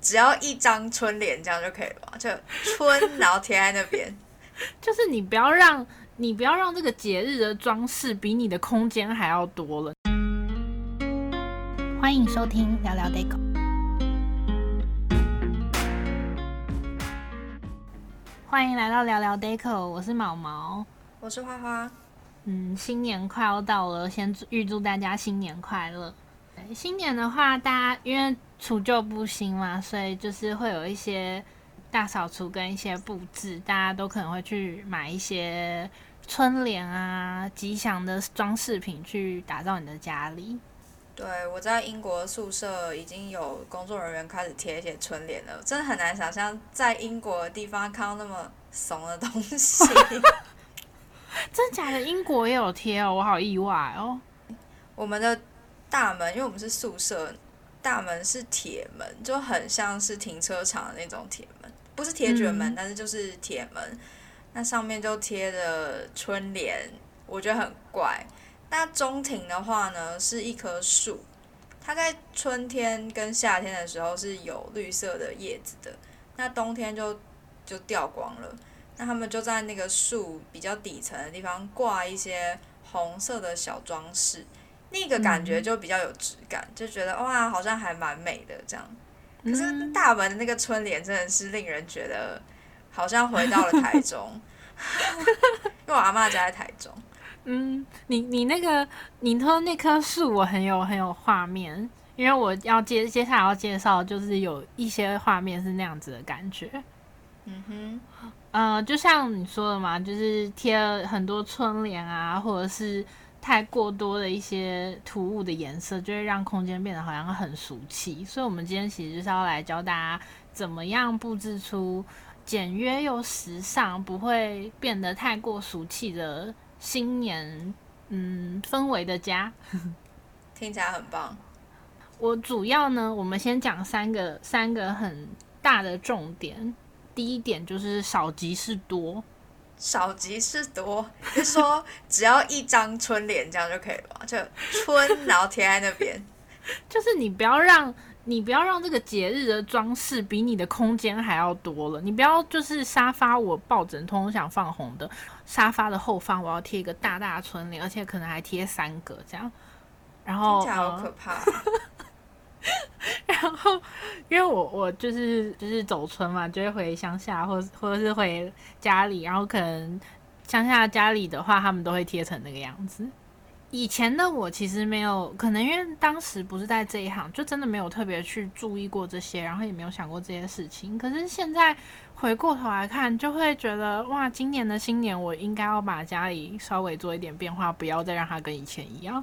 只要一張春聯，這樣就可以了吧？就春，然後貼在那邊。 就是你不要讓你不要讓這個節日的裝飾比你的空間還要多了。歡迎收聽聊聊 deco，歡迎來到聊聊 deco，我是毛毛，我是花花。嗯，新年快要到了，先預祝大家新年快樂。新年的話，大家因為除舊布新嘛，所以就是會有一些大掃除跟一些布置，大家都可能會去買一些春聯啊、吉祥的裝飾品去打造你的家裡。對，我在英國宿舍已經有工作人員開始貼一些春聯了，真的很難想象在英國的地方看到那麼慫的東西。 真的假的？英國也有貼哦，我好意外哦。我們的。大門，因為我們是宿舍，大門是鐵門，就很像是停車場的那種鐵門，不是鐵捲門，嗯、但是就是鐵門。那上面就貼着春聯，我覺得很怪。那中庭的話呢，是一棵樹，它在春天跟夏天的時候是有綠色的葉子的，那冬天就就掉光了。那他們就在那個樹比較底層的地方掛一些紅色的小裝飾。那個感覺就比較有質感，嗯、就覺得哇，好像還蠻美的這樣。可是大門的那個春聯真的是令人覺得好像回到了台中，嗯、 因為我阿嬤家在台中。嗯，你你那個你頭那棵樹我很有很有畫面，因為我要接接下來要介紹就是有一些畫面是那樣子的感覺。嗯哼，呃，就像你說的嘛，就是貼了很多春聯啊，或者是。太過多的一些突兀的顏色，就會讓空間變得好像很俗氣。所以，我們今天其實是要來教大家怎麼樣佈置出簡約又時尚，不會變得太過俗氣的新年嗯，氛圍的家。 聽起來很棒。我主要呢，我們先講三個三個很大的重點。第一點就是少即是多。少即是多，你、就是、說只要一張春聯這樣就可以了，就春然後貼在那邊。 就是你不要讓，你不要讓這個節日的裝飾比你的空間還要多了。你不要就是沙發，我抱枕通通想放紅的，沙發的後方我要貼一個大大的春聯，而且可能還貼三個這樣。然後好可怕、啊。 然後，因為我我就是就是走村嘛，就會回鄉下或者或者是回家裡，然後可能鄉下家裡的話，他們都會貼成那個樣子。以前的我其實沒有，可能因為當時不是在這一行，就真的沒有特別去注意過這些，然後也沒有想過這些事情。可是現在回過頭來看，就會覺得哇，今年的新年我應該要把家裡稍微做一點變化，不要再讓它跟以前一樣。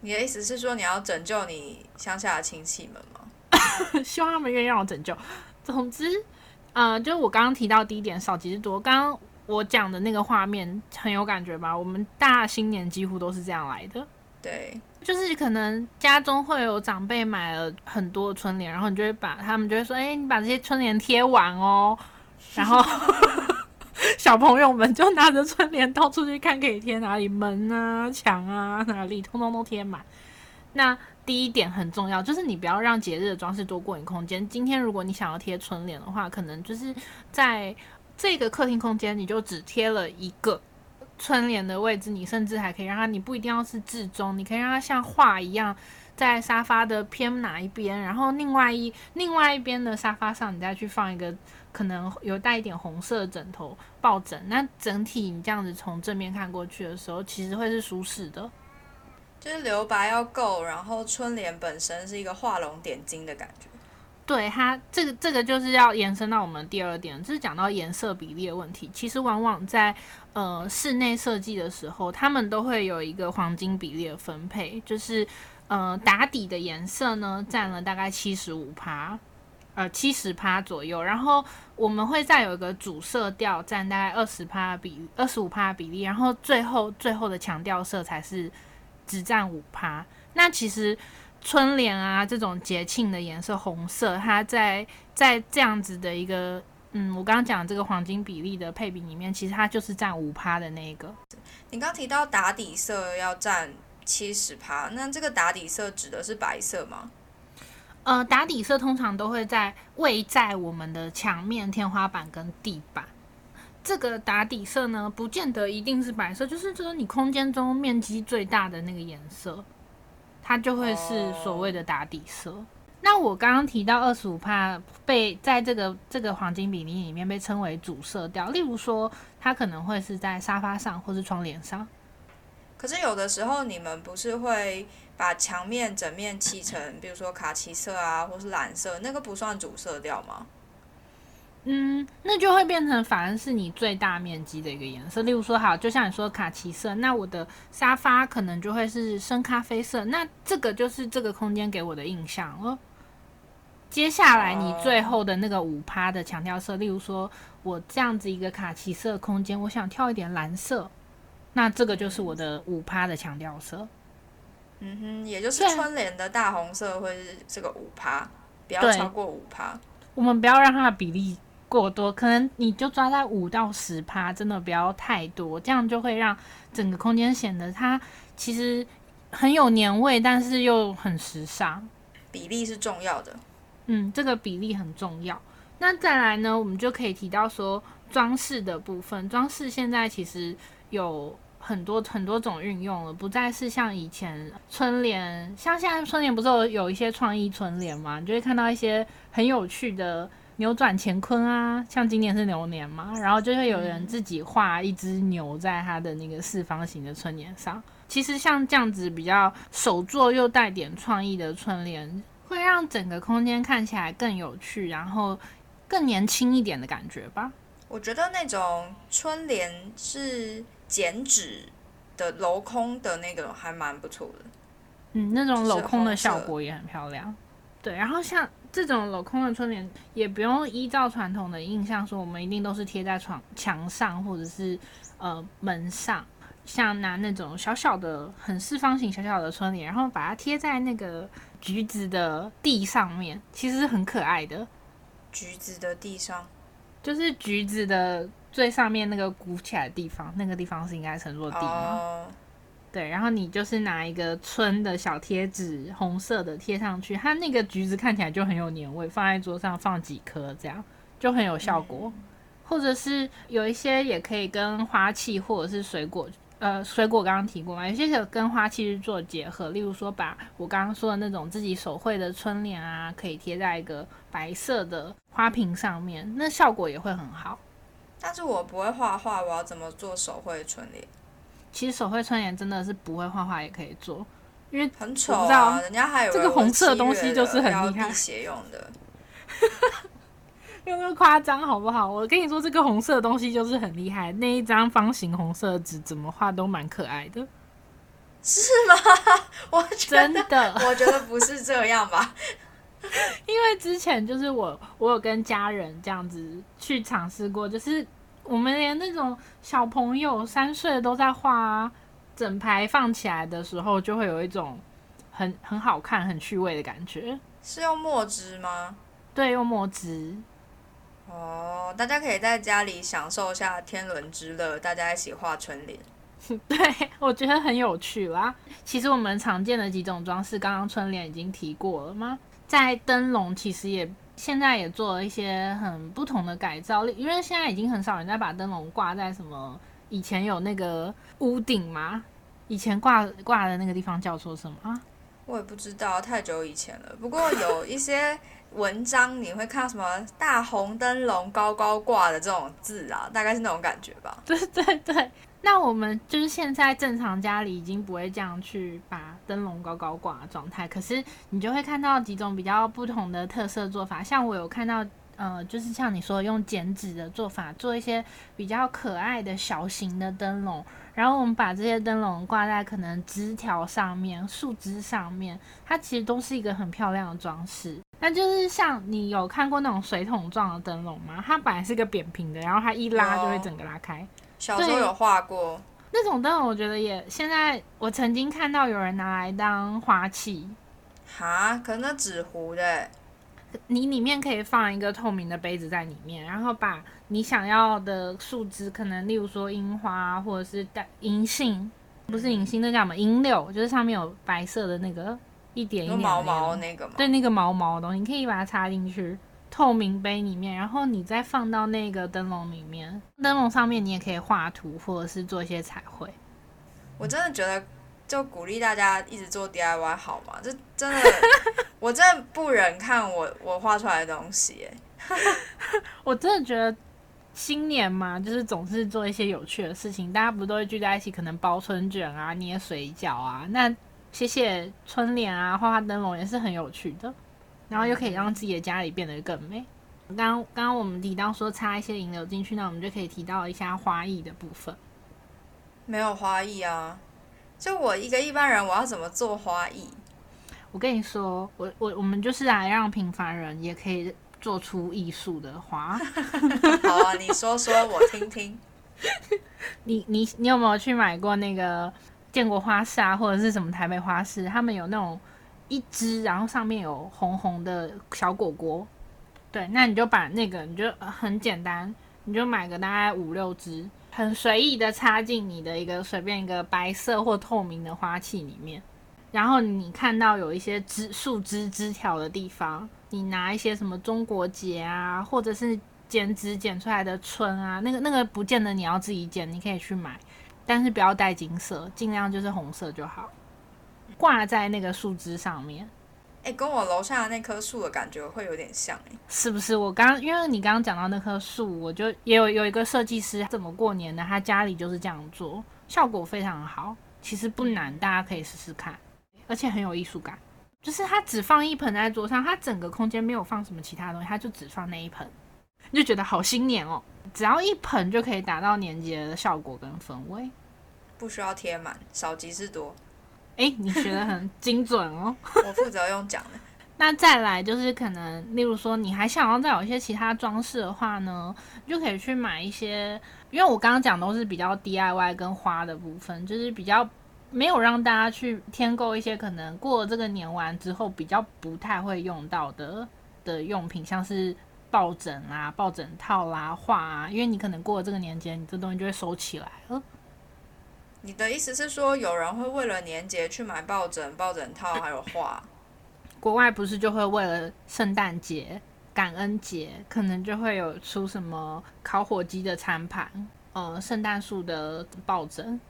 你的意思是說你要拯救你鄉下的親戚們嗎？ 希望他們願意讓我拯救。總之，呃，就是我剛剛提到第一點，少即是多。剛剛我講的那個畫面很有感覺吧？我們大新年幾乎都是這樣來的。對，就是可能家中會有長輩買了很多的春聯，然後你就會把他們就會說：“哎、欸，你把這些春聯貼完哦。嗎”然後 小朋友們就拿着春聯到處去看，可以貼哪裡門啊、牆啊，哪裡通通都貼滿。那第一點很重要，就是你不要讓節日的裝飾多過你空間。今天如果你想要貼春聯的話，可能就是在這個客廳空間，你就只貼了一個春聯的位置。你甚至還可以讓它，你不一定要是置中，你可以讓它像畫一樣，在沙發的偏哪一邊，然後另外一另外一邊的沙發上，你再去放一個可能有帶一點紅色的枕頭抱枕。那整體你這樣子從正面看過去的時候，其實會是舒適的。就是留白要夠，然後春聯本身是一個畫龍點睛的感覺。對，它這個這個就是要延伸到我們第二點，就是講到顏色比例的問題。其實往往在呃室內設計的時候，他們都會有一個黃金比例的分配，就是呃打底的顏色呢占了大概七十五趴，呃七十趴左右。然後我們會再有一個主色調占大概二十趴比二十五趴的比例，然後最後最後的強調色才是。只占五趴，那其實春聯啊這種節慶的顏色紅色，它在在這樣子的一個嗯，我剛剛講這個黃金比例的配比裡面，其實它就是占五趴的那一個。你剛提到打底色要占七十趴，那這個打底色指的是白色嗎？呃，打底色通常都會在位在我們的牆面、天花板跟地板。這個打底色呢，不見得一定是白色，就是就是你空間中面積最大的那個顏色，它就會是所謂的打底色。Oh. 那我剛剛提到二十五趴被在這個這個黃金比例裡面被稱為主色調，例如說它可能會是在沙发上或是窗簾上。可是有的時候你們不是會把牆面整面漆成，比如說卡其色啊或是藍色，那個不算主色調嗎？嗯，那就會變成反而是你最大面積的一個顏色。例如說，好，就像你說卡其色，那我的沙發可能就會是深咖啡色。那這個就是這個空間給我的印象哦。接下來你最後的那個五趴的強調色，例如說，我這樣子一個卡其色空間，我想跳一點藍色，那這個就是我的五趴的強調色。嗯哼，也就是春聯的大紅色，對會是這個五趴，不要超過五趴。我們不要讓它的比例。過多，可能你就抓在五到十趴，真的不要太多，這樣就會讓整個空間顯得它其實很有年味，但是又很時尚。比例是重要的，嗯，這個比例很重要。那再來呢，我們就可以提到說裝飾的部分，裝飾現在其實有很多很多種運用了，不再是像以前春聯，像現在春聯不是有有一些創意春聯嘛，你就會看到一些很有趣的。牛轉乾坤啊！像今年是牛年嘛，然後就會有人自己畫一隻牛在他的那個四方形的春聯上。嗯、其實像這樣子比較手作又帶點創意的春聯，會讓整個空間看起來更有趣，然後更年輕一點的感覺吧。我覺得那種春聯是剪紙的鏤空的那個，還蠻不錯的。嗯，那種鏤空的效果也很漂亮。對，然後像。這種鏤空的春聯也不用依照傳統的印象說，我們一定都是貼在床牆上或者是呃門上。像拿那種小小的、很四方形小小的春聯，然後把它貼在那個橘子的蒂上面，其實是很可愛的。橘子的蒂上，就是橘子的最上面那個鼓起來的地方，那個地方是應該稱作蒂嗎？哦對，然後你就是拿一個春的小貼紙，紅色的貼上去，它那個橘子看起來就很有年味，放在桌上放幾顆這樣就很有效果。嗯。或者是有一些也可以跟花器或者是水果，呃，水果剛剛提過嘛，有些可以跟花器去做結合，例如說把我剛剛說的那種自己手繪的春聯啊，可以貼在一個白色的花瓶上面，那效果也會很好。但是我不會畫畫，我要怎麼做手繪春聯？其實手繪春聯真的是不會畫畫也可以做，因為知道很醜啊。人家還有這個紅色的東西就是很厲害，用個 誇張，好不好？我跟你說，這個紅色的東西就是很厲害。那一張方形紅色紙怎麼畫都蠻可愛的，是嗎？我覺得，真的 我覺得不是這樣吧？ 因為之前就是我，我有跟家人這樣子去嘗試過，就是。我們連那種小朋友三歲都在畫，整排放起來的時候，就會有一種很很好看、很趣味的感覺。是用墨汁嗎？對，用墨汁。哦，大家可以在家裡享受一下天倫之樂，大家一起畫春聯。對，我覺得很有趣啦。其實我們常見的幾種裝飾，剛剛春聯已經提過了嗎？在燈籠，其實也。現在也做了一些很不同的改造，因為現在已經很少人在把燈籠掛在什麼，以前有那個屋頂嗎？以前掛掛的那個地方叫做什麼啊？我也不知道，太久以前了。不過有一些。 文章你會看到什麼大紅燈籠高高掛的這種字啊，大概是那種感覺吧。對對對，那我們就是現在正常家裡已經不會這樣去把燈籠高高掛的狀態，可是你就會看到幾種比較不同的特色做法，像我有看到。呃，就是像你說用剪紙的做法做一些比較可愛的小型的燈籠，然後我們把這些燈籠掛在可能枝條上面、樹枝上面，它其實都是一個很漂亮的裝飾。那就是像你有看過那種水桶狀的燈籠嗎？它本來是一個扁平的，然後它一拉就會整個拉開。小時候有畫過那種燈籠，我覺得也現在我曾經看到有人拿來當花器。哈，可能那紙糊的欸。你裡面可以放一個透明的杯子在裡面，然後把你想要的樹枝，可能例如說櫻花或者是帶銀杏，不是銀杏，那叫什麼？銀柳，就是上面有白色的那個一點一點的，那個、毛毛那個毛，對，那個毛毛的東西，你可以把它插進去透明杯裡面，然後你再放到那個燈籠裡面。燈籠上面你也可以畫圖或者是做一些彩繪。我真的覺得。就鼓勵大家一直做 DIY 好嗎？這真的， 我真的不忍看我我畫出來的東西。 我真的覺得新年嘛，就是總是做一些有趣的事情。大家不都會聚在一起，可能包春捲啊、捏水餃啊，那寫寫春聯啊、畫畫燈籠也是很有趣的。然後又可以讓自己的家裡變得更美。剛剛剛我們提到說插一些銀柳進去，那我們就可以提到一下花藝的部分。沒有花藝啊。就我一個一般人，我要怎麼做花藝？我跟你說，我我我們就是來讓平凡人也可以做出藝術的花。 好啊，你說說， 我聽聽。你你你有沒有去買過那個建國花市啊，或者是什麼台北花市？他們有那種一支，然後上面有紅紅的小果果。對，那你就把那個，你就很簡單，你就買個大概五六支。很隨意的插進你的一個隨便一個白色或透明的花器裡面，然後你看到有一些枝樹枝枝條的地方，你拿一些什麼中國結啊，或者是剪紙剪出來的春啊，那個那個不見得你要自己剪，你可以去買，但是不要帶金色，儘量就是紅色就好，掛在那個樹枝上面。哎、欸，跟我樓下的那棵樹的感覺會有點像、欸、是不是？我剛因為你剛剛講到那棵樹，我就也有有一個設計師怎麼過年的，他家裡就是這樣做，效果非常好。其實不難，大家可以試試看，而且很有藝術感。就是他只放一盆在桌上，他整個空間沒有放什麼其他東西，他就只放那一盆，你就覺得好新年哦、喔。只要一盆就可以達到年節的效果跟氛圍，不需要貼滿，少即是多。哎、欸，你學得很精準哦！ 我負責用講的。那再來就是可能，例如說，你還想要再有一些其他裝飾的話呢，就可以去買一些。因為我剛剛講都是比較 DIY 跟花的部分，就是比較沒有讓大家去添購一些可能過了這個年完之後比較不太會用到的的用品，像是抱枕啊、抱枕套啦、啊、畫啊。因為你可能過了這個年節，你這東西就會收起來了。你的意思是說，有人會為了年節去買抱枕、抱枕套，還有畫。國外不是就會為了聖誕節、感恩節，可能就會有出什麼烤火雞的餐盤，呃，聖誕樹的抱枕。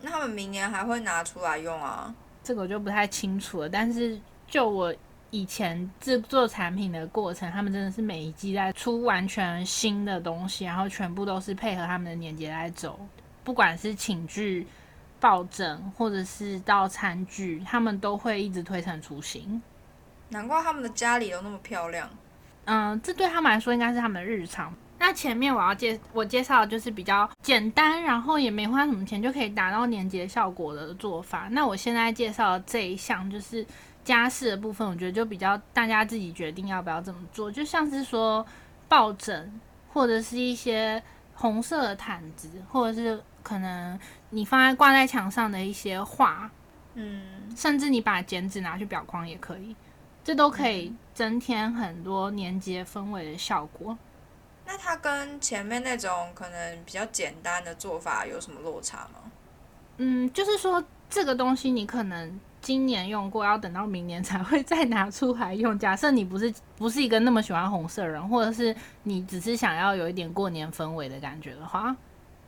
那他們明年還會拿出來用啊？這個我就不太清楚了。但是就我以前製作產品的過程，他們真的是每一季在出完全新的東西，然後全部都是配合他們的年節來走。不管是寢具、抱枕，或者是到餐具，他們都會一直推陳出新。難怪他們的家裡都那麼漂亮。嗯，這對他們來說應該是他們的日常。那前面我要介我介紹的就是比較簡單，然後也沒花什麼錢就可以達到年節效果的做法。那我現在介紹的這一項就是家飾的部分，我覺得就比較大家自己決定要不要這麼做。就像是說抱枕，或者是一些紅色的毯子，或者是。可能你放在掛在牆上的一些畫，嗯，甚至你把剪紙拿去裱框，也可以，這都可以增添很多年節氛圍的效果。那它跟前面那種可能比較簡單的做法有什麼落差嗎？嗯，就是說這個東西你可能今年用過，要等到明年才會再拿出來用。假設你不是，不是一個那麼喜歡紅色人，或者是你只是想要有一點過年氛圍的感覺的話，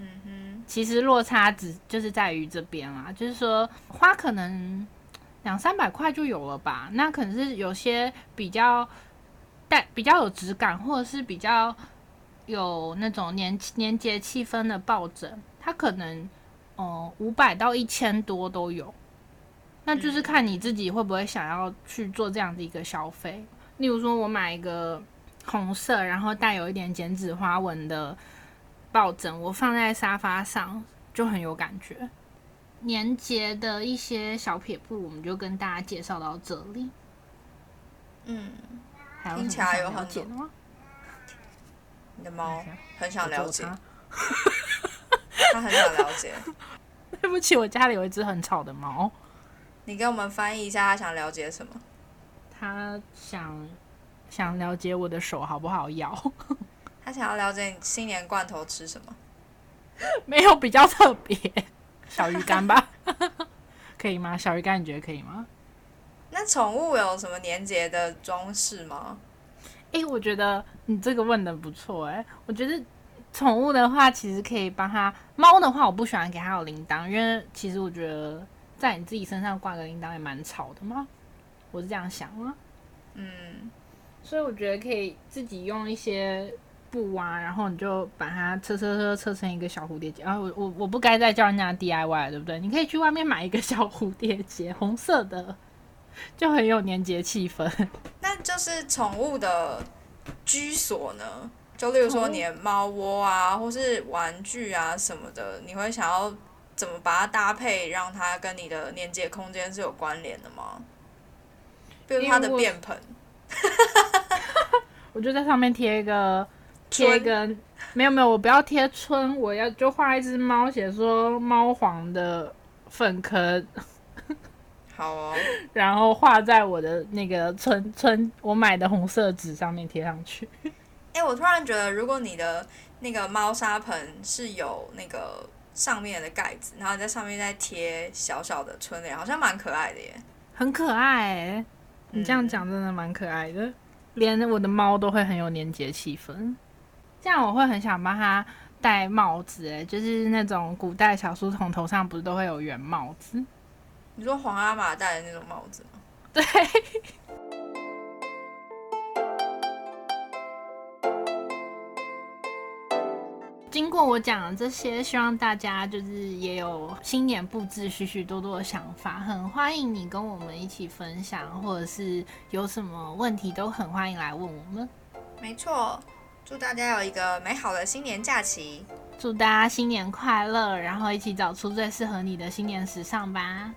嗯哼，其實落差值就是在於這邊啦、啊，就是說花可能兩三百塊就有了吧，那可能是有些比較帶比較有質感，或者是比較有那種年年節氣氛的抱枕，它可能哦五百到一千多都有，那就是看你自己會不會想要去做這樣的一個消費。例如說我買一個紅色，然後帶有一點剪紙花紋的。抱枕我放在沙發上就很有感覺，年節的一些小撇步，我們就跟大家介紹到這裡。嗯，還聽起來有很多，你的貓很想了解。他， 他很想了解。 對不起，我家裡有一隻很吵的貓。你給我們翻譯一下，他想了解什麼？他想想了解我的手好不好咬？他想要了解你新年罐頭吃什麼？沒有比較特別，小魚乾吧？ 可以嗎？小魚乾你覺得可以嗎？那寵物有什麼年節的裝飾嗎？誒，我覺得你這個問得不錯誒，我覺得寵物的話，其實可以幫他。貓的話，我不喜歡給它有鈴鐺，因為其實我覺得在你自己身上掛個鈴鐺也蠻吵的嘛。我是這樣想的。嗯，所以我覺得可以自己用一些。布啊，然後你就把它車、車車車成一個小蝴蝶結。然、啊、我我我不該再叫人家 DIY，對不對？你可以去外面買一個小蝴蝶結，紅色的，就很有年節氣氛。那就是寵物的居所呢，就例如說你的貓窩啊，或是玩具啊什麼的，你會想要怎麼把它搭配，讓它跟你的年節空間是有關聯的嗎？比如它的便盆，我， 我就在上面貼一個。貼一根春，沒有沒有，我不要貼春，我要就畫一隻貓，寫說貓黃的粉盒，好哦， 然後畫在我的那個春春我買的紅色紙上面貼上去。哎、欸，我突然覺得，如果你的那個貓砂盆是有那個上面的蓋子，然後在上面再貼小小的春聯，好像蠻可愛的耶，很可愛、欸。你這樣講真的蠻可愛的，嗯、連我的貓都會很有年節氣氛。這樣我會很想幫他戴帽子，哎，就是那種古代小書童頭上不是都會有圓帽子？你說皇阿瑪戴的那種帽子嗎？對。 經過我講的這些，希望大家就是也有新年布置許許多多的想法，很歡迎你跟我們一起分享，或者是有什麼問題都很歡迎來問我們。沒錯。祝大家有一個美好的新年假期，祝大家新年快樂，然後一起找出最適合你的新年時尚吧。